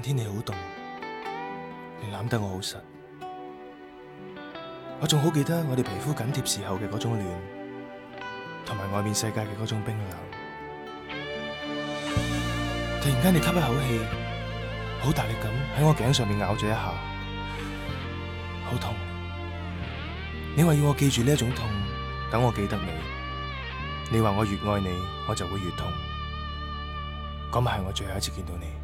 天氣好凍，你攬得我好實，我仲好記得我哋皮膚緊貼時候嘅嗰種暖，同埋外面世界嘅嗰種冰冷。突然間你吸一口氣，好大力咁喺我頸上面咬咗一下，好痛。你話要我記住呢一種痛，等我記得你。你話我越愛你，我就會越痛。咁係我最後一次見到你。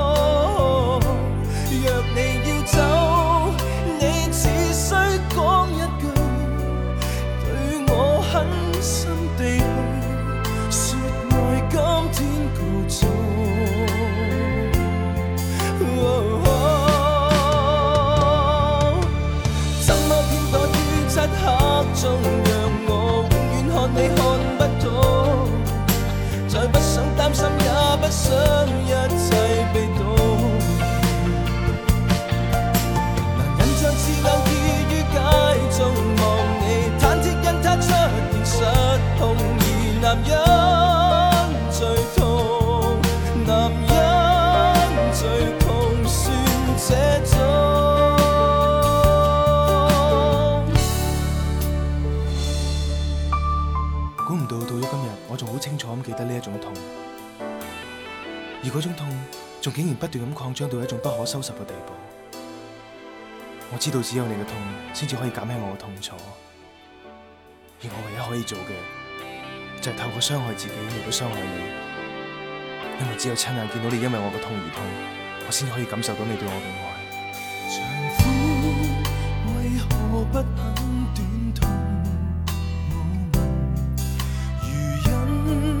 記得呢一種痛，而嗰種痛，仲竟然不斷咁擴張到一種不可收拾嘅地步。我知道只有你嘅痛，先至可以減輕我嘅痛楚，而我唯一可以做嘅，就係透過傷害自己，亦都傷害你，因為只有親眼見到你因為我嘅痛而痛，我先至可以感受到你對我嘅愛長夫。長苦為何不肯短痛？如忍。